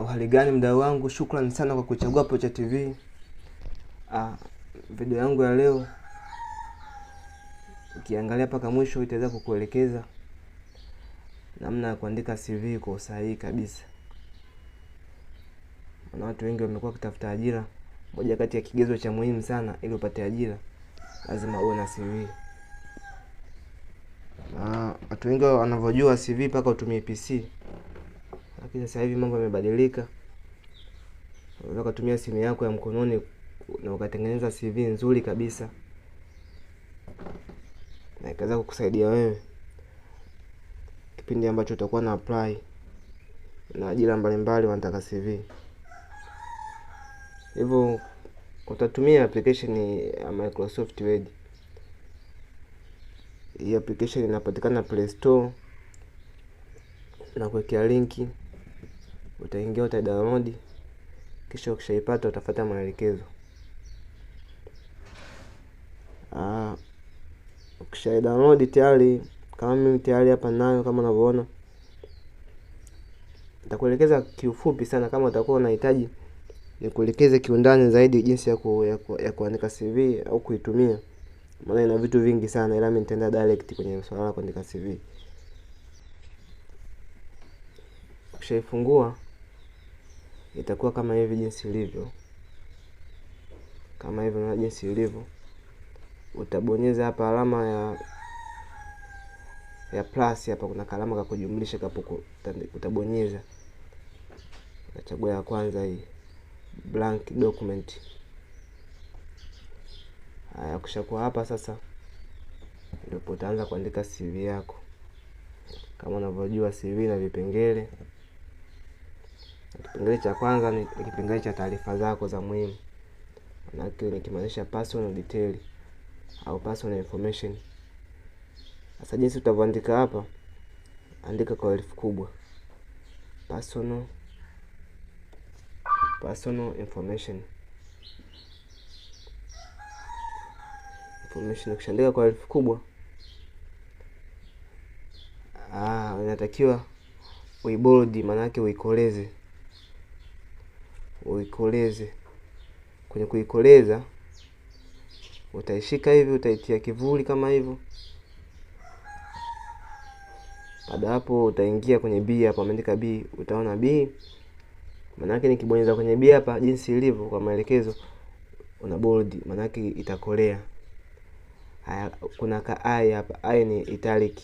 Uhali ah, gani mdau wangu, shukrani sana kwa kuchagua Pocha TV. Uh, ah, video yangu ya leo ukiangalia mpaka mwisho itaweza kukuelekeza namna ya kuandika CV kwa usahihi kabisa, maana watu wengi wamekuwa wakitafuta ajira. Moja kati ya kigezo cha muhimu sana ili upate ajira lazima uwe na CV. Na ah, watu wengi wanavyojua CV mpaka utumie PC lakini sasa hivi mambo yamebadilika. Unaweza ukatumia simu yako ya mkononi na ukatengeneza CV nzuri kabisa na ikaweza kukusaidia wewe kipindi ambacho utakuwa na apply na ajira mbalimbali wanataka CV, hivyo utatumia application ya Microsoft Word. Hii application inapatikana Play Store na kuwekea linki utaingia download, kisha ukishaipata utafuata maelekezo. Ah, download tayari, kama mimi tayari hapa nayo kama unavyoona, nitakuelekeza kiufupi sana. Kama utakuwa unahitaji nikuelekeze kiundani zaidi jinsi ya, ku, ya, ku, ya kuandika CV au kuitumia, maana ina vitu vingi sana, ila mimi nitaenda direct kwenye swala la kuandika CV. Ukishaifungua itakuwa kama hivi jinsi ilivyo, kama hivyo na jinsi ilivyo, utabonyeza hapa alama ya ya plus hapa, kuna kalama ka kujumlisha kapo, utabonyeza nachagua ya kwanza hii blank document. Haya, ukishakuwa hapa sasa, ndipo utaanza kuandika CV yako kama unavyojua CV na vipengele Kipengele cha kwanza ni kipengele cha taarifa zako za muhimu, manake nikimaanisha personal detail au personal information. Sasa jinsi utavyoandika hapa, andika kwa herufi kubwa personal, personal information information. Ukishaandika kwa herufi kubwa, ah, inatakiwa uibold, yake uikoleze uikoleze. Kwenye kuikoleza utaishika hivi, utaitia kivuli kama hivyo. Baada hapo utaingia kwenye B hapa, ameandika B, utaona B. Maana yake nikibonyeza kwenye B hapa, jinsi ilivyo kwa maelekezo, una bold, maana yake itakolea. Haya, kuna ka I hapa, I ni italic,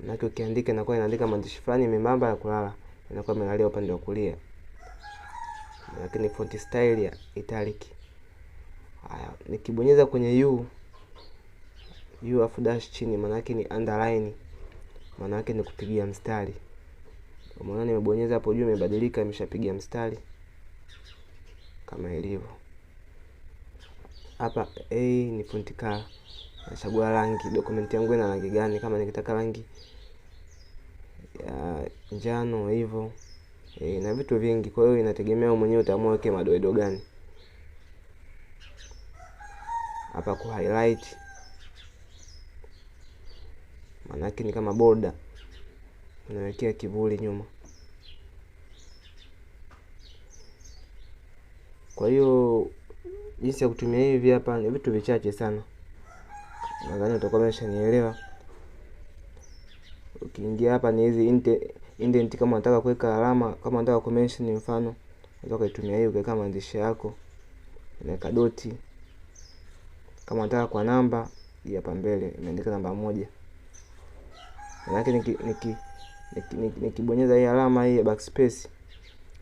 maana yake ukiandika inakuwa inaandika maandishi fulani membamba ya kulala, inakuwa imelalia upande wa kulia lakini font style ya italic. Haya, nikibonyeza kwenye u u afu dash chini, maana yake ni underline, maana yake ni kupigia mstari. Umeona nimebonyeza hapo juu, imebadilika, imeshapigia mstari kama ilivyo hapa. A ni font color, nachagua rangi. Document yangu ina rangi gani? Kama nikitaka rangi ya njano hivyo e, eh, na vitu vingi. Kwa hiyo inategemea wewe mwenyewe utaamua weke madoido gani. Hapa ku highlight maanake ni kama border unawekea kivuli nyuma. Kwa hiyo jinsi ya kutumia hivi hapa ni vitu vichache sana, nadhani utakuwa umeshanielewa. Ukiingia hapa ni hizi indent kama unataka kuweka alama, kama unataka ku mention mfano, unaweza kutumia hiyo ukaweka maandishi yako, unaweka doti. Kama unataka kwa namba hii hapa mbele imeandika namba moja, maana niki niki nikibonyeza hii alama hii ya backspace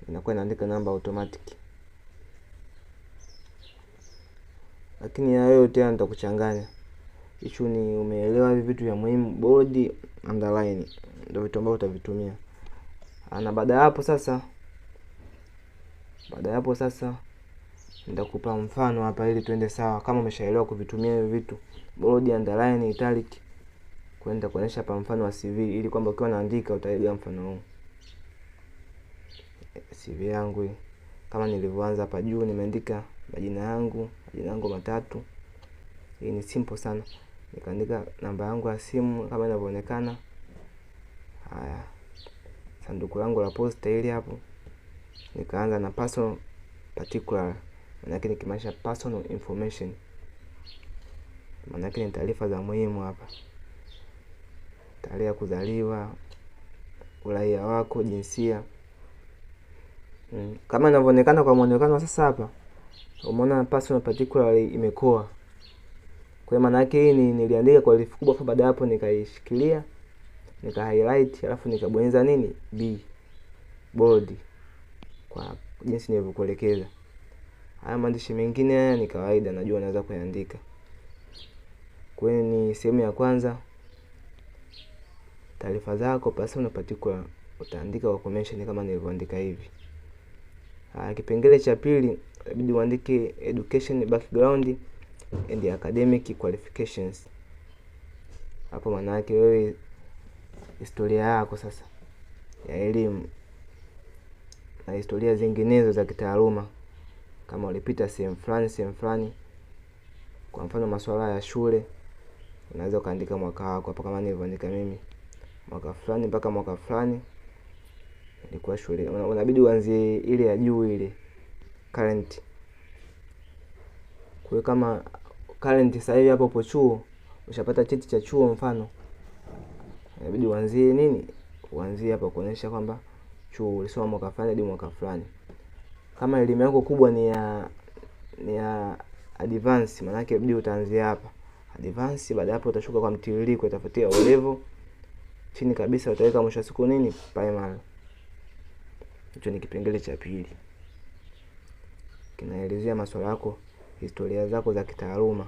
inakuwa inaandika namba automatic. Lakini hayo yote nitakuchanganya. Hicho ni umeelewa hivi vitu vya muhimu, bodi underline ndio vitu ambavyo utavitumia. Ah, na baada ya hapo sasa, baada ya hapo sasa nitakupa mfano hapa ili tuende sawa, kama umeshaelewa kuvitumia hivi vitu bold, underline, italic. kwenda nitakuonyesha hapa mfano wa CV ili kwamba ukiwa unaandika utaelewa mfano huu. CV yangu kama nilivyoanza hapa juu, nimeandika majina yangu, majina yangu matatu. Hii ni simple sana, nikaandika namba yangu ya simu kama inavyoonekana. Haya, sanduku langu la posta ili hapo, nikaanza na personal particular, maanake nikimaanisha personal information, maanake ni taarifa za muhimu hapa: tarehe ya kuzaliwa, uraia wako, jinsia mm. Kama inavyoonekana kwa mwonekano sasa hapa, umeona personal particular imekoa kwa maana yake hii niliandika kwa herufi kubwa, baada ya hapo nikaishikilia nika highlight alafu nikabonyeza nini B bold kwa jinsi nilivyokuelekeza. Haya maandishi mengine haya ni kawaida, najua naweza kuandika Kwa ni sehemu ya kwanza, taarifa zako personal unapatikwa utaandika kwa convention kama nilivyoandika hivi. Haya, kipengele cha pili inabidi uandike education background and academic qualifications. Hapo maana yake wewe historia yako sasa ya elimu na historia zinginezo za kitaaluma, kama ulipita sehemu fulani sehemu fulani. Kwa mfano masuala ya shule, unaweza ukaandika mwaka wako hapa, kama nilivyoandika mimi mwaka fulani mpaka mwaka fulani ilikuwa shule. unabidi uanzie ile ya juu ile current. Kwa kama current sasa hivi hapo upo chuo, ushapata cheti cha chuo mfano inabidi uanzie nini, uanzie hapa kuonyesha kwamba chuo ulisoma mwaka fulani hadi mwaka fulani. Kama elimu yako kubwa ni ya ni ya advance, maana yake inabidi utaanzia hapa advance. Baada hapo utashuka kwa mtiririko, utafuatia O level, chini kabisa utaweka mwisho siku nini, primary. Hicho ni kipengele cha pili, kinaelezea masuala yako, historia zako za kitaaluma.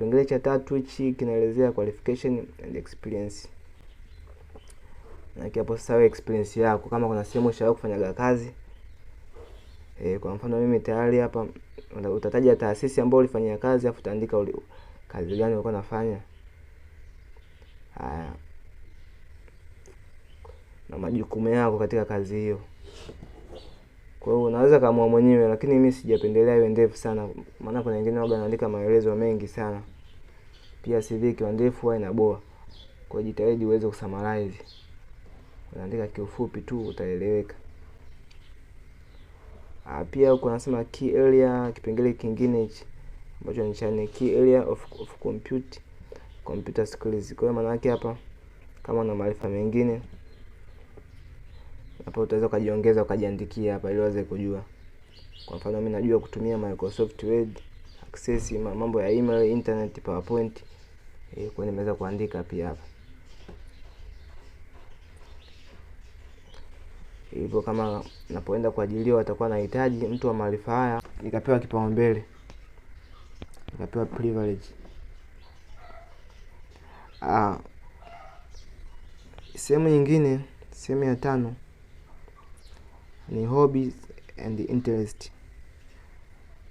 Kipengele cha tatu hichi kinaelezea qualification and experience. Na hapo sasa experience yako kama kuna sehemu ushawahi kufanyaga kazi. E, kwa mfano mimi tayari hapa utataja taasisi ambayo ulifanyia kazi afu utaandika uli, kazi gani ulikuwa unafanya. Haya. Na majukumu yako katika kazi hiyo. Kwa hiyo unaweza kaamua mwenyewe, lakini mimi sijapendelea iwe ndefu sana, maana kuna wengine waga naandika maelezo mengi sana. Pia CV ikiwa ndefu huwa inaboa. Kwa hiyo jitahidi uweze kusummarize, unaandika kiufupi tu, utaeleweka. Ah, pia huko nasema key area, kipengele kingine hichi ambacho ni chani key area of, of compute computer skills. Kwa hiyo maana yake hapa, kama na maarifa mengine hapo utaweza ukajiongeza ukajiandikia hapa ili uweze kujua. Kwa mfano mimi najua kutumia Microsoft Word, Access, mambo ya email, internet, PowerPoint. Eh, kwa nimeweza kuandika pia hapa. Hivyo kama napoenda kuajiliwa atakuwa nahitaji mtu wa maarifa haya, nikapewa kipaumbele, nikapewa privilege. Ah, sehemu nyingine, sehemu ya tano ni hobbies and interest.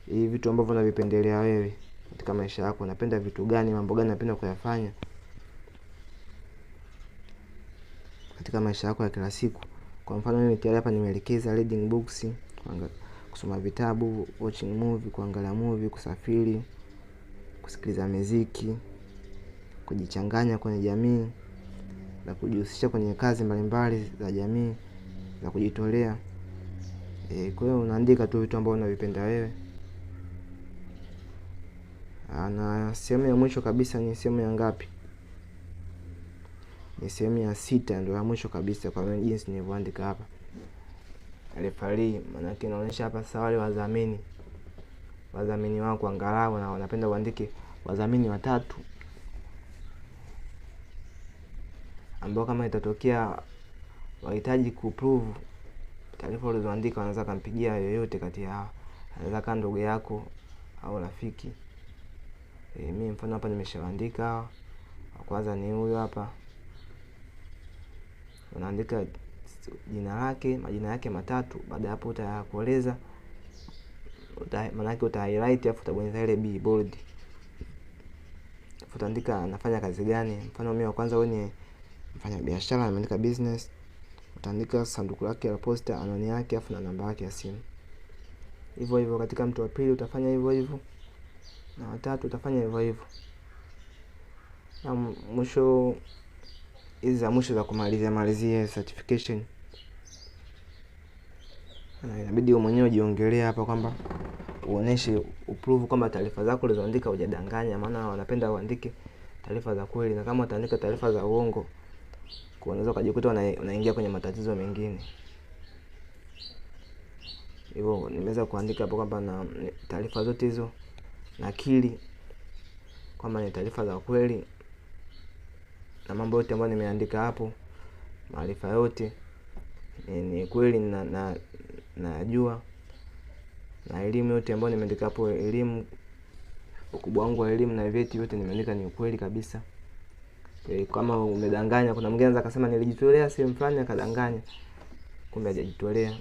hivi vitu ambavyo unavipendelea wewe katika maisha yako, unapenda vitu gani? Mambo gani unapenda kuyafanya katika maisha yako ya kila siku? Kwa mfano mimi tayari hapa nimeelekeza reading books, kusoma vitabu, watching movie, kuangalia movie, kusafiri, kusikiliza muziki, kujichanganya kwenye jamii na kujihusisha kwenye kazi mbalimbali za jamii za kujitolea. E, kwa hiyo unaandika tu vitu ambavyo unavipenda wewe. Ah, na sehemu ya mwisho kabisa ni sehemu ya ngapi? Ni sehemu ya sita, ndio ya mwisho kabisa kwa jinsi nilivyoandika hapa refari, maanake inaonyesha hapa sasa, wale wadhamini wadhamini wako angalau na wanapenda uandike wadhamini watatu ambao kama itatokea wahitaji kuprove taarifa ulizoandika wanaweza kampigia yoyote kati ya anaweza kaa ndugu yako au rafiki. E, mi mfano hapa nimeshaandika wa kwanza ni huyu hapa, unaandika jina lake, majina yake matatu. Baada ya hapo utakueleza uta, manake uta highlight afu utabonyeza ile b bold, utaandika anafanya kazi gani. Mfano mimi wa kwanza wewe ni mfanya biashara, nimeandika business utaandika sanduku lake la posta, anwani yake, afu na namba yake ya simu. Hivyo hivyo katika mtu wa pili utafanya hivyo hivyo, na watatu utafanya hivyo hivyo, na mwisho hizi za mwisho za kumalizia malizia certification na inabidi wewe mwenyewe ujiongelee hapa kwamba uoneshe uprove kwamba taarifa zako ulizoandika hujadanganya, maana wanapenda uandike taarifa za kweli, na kama utaandika taarifa za uongo kwa unaweza ukajikuta unaingia kwenye matatizo mengine. Hivyo nimeweza kuandika hapo kwamba na taarifa zote hizo nakili kwamba ni taarifa za kweli na mambo yote ambayo nimeandika hapo, maarifa yote ni, ni kweli na na najua na elimu yote ambayo nimeandika hapo, elimu ukubwa wangu wa elimu na vyeti vyote nimeandika ni ukweli kabisa. E, kama umedanganya. Kuna mgeni anaweza akasema nilijitolea sehemu fulani akadanganya, kumbe hajajitolea,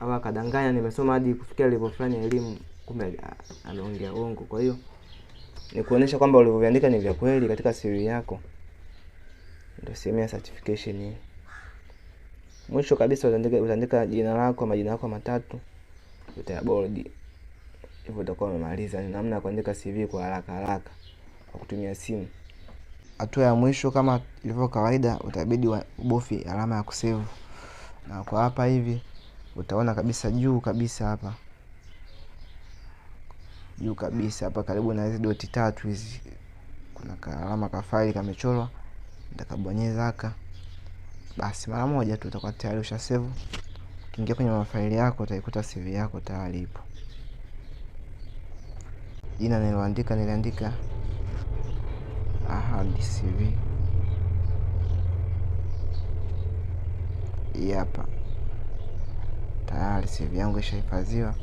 au akadanganya nimesoma hadi kufikia level fulani ya elimu, kumbe ameongea uongo. Kwa hiyo ni kuonesha kwamba ulivyoviandika ni vya kweli katika CV yako, ndio sehemu ya certification hii. Mwisho kabisa utaandika utaandika jina lako, majina yako matatu utayabold. Hivyo utakuwa umemaliza. Ni namna ya kuandika CV kwa haraka haraka kwa kutumia simu hatua ya mwisho kama ilivyo kawaida utabidi ubofi alama ya kusevu na kwa hapa hivi utaona kabisa juu kabisa hapa juu kabisa hapa karibu na hizi doti tatu hizi kuna kaalama kafaili kamechorwa nitakabonyeza haka basi mara moja tu utakuwa tayari usha save ukiingia kwenye mafaili yako utaikuta CV yako tayari ipo jina niloandika niliandika hadi CV hii hapa. Tayari CV yangu ishahifadhiwa.